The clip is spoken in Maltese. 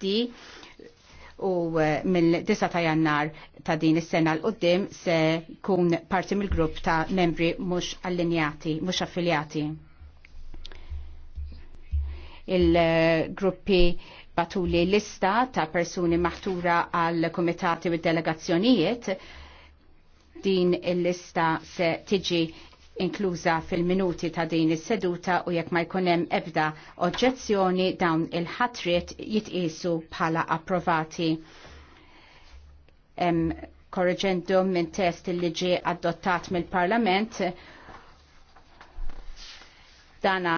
tgħaddi u eh, mill-9 ta' jannar ta' din is-sena l qoddim se kun parti mill-grupp ta' membri mhux allinjati, mhux affiljati. Il-gruppi batuli lista ta' persuni maħtura għal komitati u delegazzjonijiet din il-lista se tiġi inkluża fil-minuti ta' din is-seduta u jekk ma jkun hemm ebda oġġezzjoni dawn il-ħatriet jitqisu bħala approvati. Em, korreġendum minn test il ġie adottat mill-Parlament dana